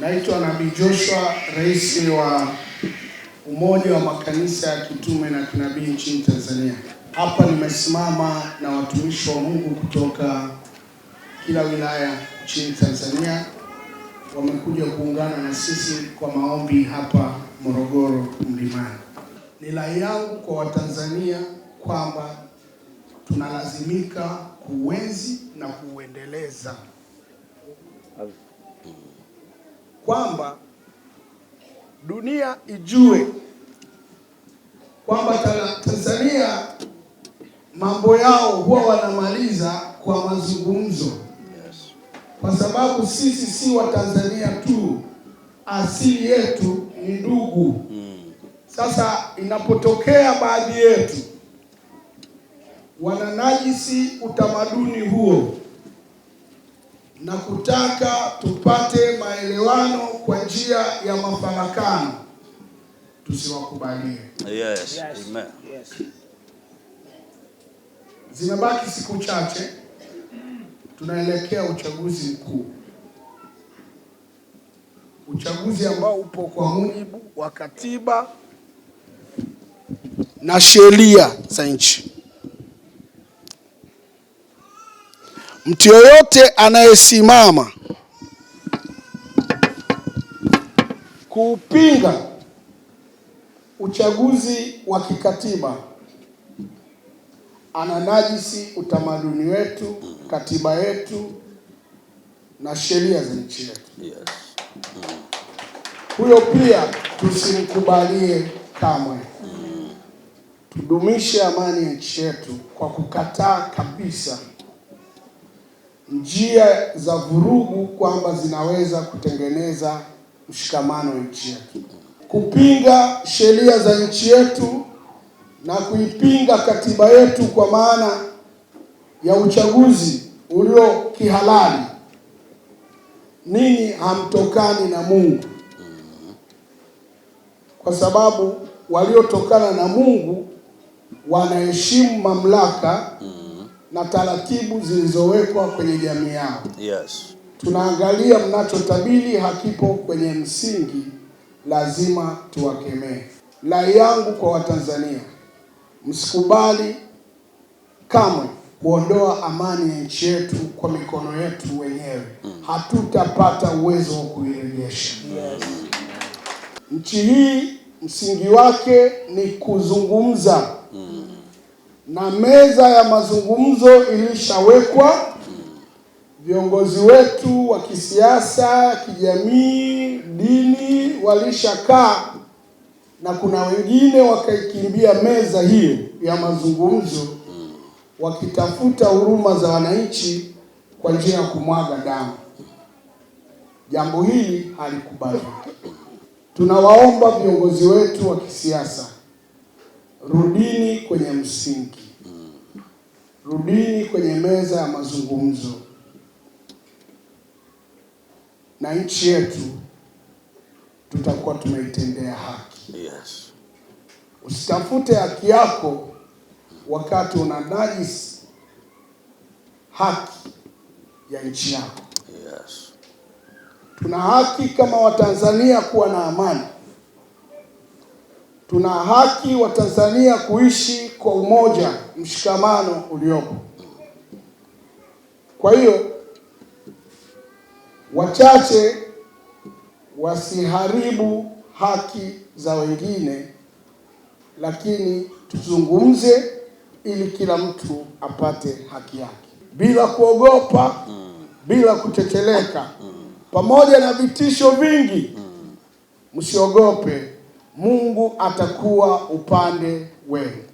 Naitwa Nabii Joshua, rais wa Umoja wa Makanisa ya Kitume na Kinabii nchini Tanzania. Hapa nimesimama na watumishi wa Mungu kutoka kila wilaya nchini Tanzania, wamekuja kuungana na sisi kwa maombi hapa Morogoro Mlimani. Ni rai yangu kwa Watanzania kwamba tunalazimika kuuenzi na kuuendeleza kwamba dunia ijue kwamba Tanzania mambo yao huwa wanamaliza kwa mazungumzo, kwa sababu sisi si wa Tanzania tu, asili yetu ni ndugu. Mm. Sasa inapotokea baadhi yetu wananajisi utamaduni huo na kutaka tupate malumbano kwa njia ya mafarakano tusiwakubalie. Yes. Amen. Yes. Zimebaki siku chache tunaelekea uchaguzi mkuu, uchaguzi ambao upo kwa mujibu wa katiba na sheria za nchi. Mtu yoyote anayesimama kuupinga uchaguzi wa kikatiba ananajisi utamaduni wetu, katiba yetu na sheria za nchi yetu. Yes. Mm. Huyo pia tusimkubalie kamwe. Mm. Tudumishe amani ya nchi yetu kwa kukataa kabisa njia za vurugu kwamba zinaweza kutengeneza mshikamano nchi yetu, kupinga sheria za nchi yetu na kuipinga katiba yetu kwa maana ya uchaguzi ulio kihalali. Ninyi hamtokani na Mungu kwa sababu waliotokana na Mungu wanaheshimu mamlaka na taratibu zilizowekwa kwenye jamii yao. Yes tunaangalia mnachotabiri hakipo kwenye msingi, lazima tuwakemee. Rai yangu kwa Watanzania, msikubali kamwe kuondoa amani ya nchi yetu kwa mikono yetu wenyewe. Hatutapata uwezo wa kuirejesha. Yes. Nchi hii msingi wake ni kuzungumza, na meza ya mazungumzo ilishawekwa viongozi wetu wa kisiasa, kijamii, dini walishakaa na kuna wengine wakaikimbia meza hiyo ya mazungumzo wakitafuta huruma za wananchi kwa njia ya kumwaga damu. Jambo hili halikubaliki. Tunawaomba viongozi wetu wa kisiasa, rudini kwenye msingi, rudini kwenye meza ya mazungumzo na nchi yetu tutakuwa tumeitendea haki. Yes. Usitafute haki yako wakati una najisi haki ya nchi yako. Yes. Tuna haki kama Watanzania kuwa na amani. Tuna haki Watanzania kuishi kwa umoja, mshikamano uliopo. Kwa hiyo wachache wasiharibu haki za wengine, lakini tuzungumze ili kila mtu apate haki yake bila kuogopa, bila kuteteleka, pamoja na vitisho vingi. Msiogope, Mungu atakuwa upande wenu.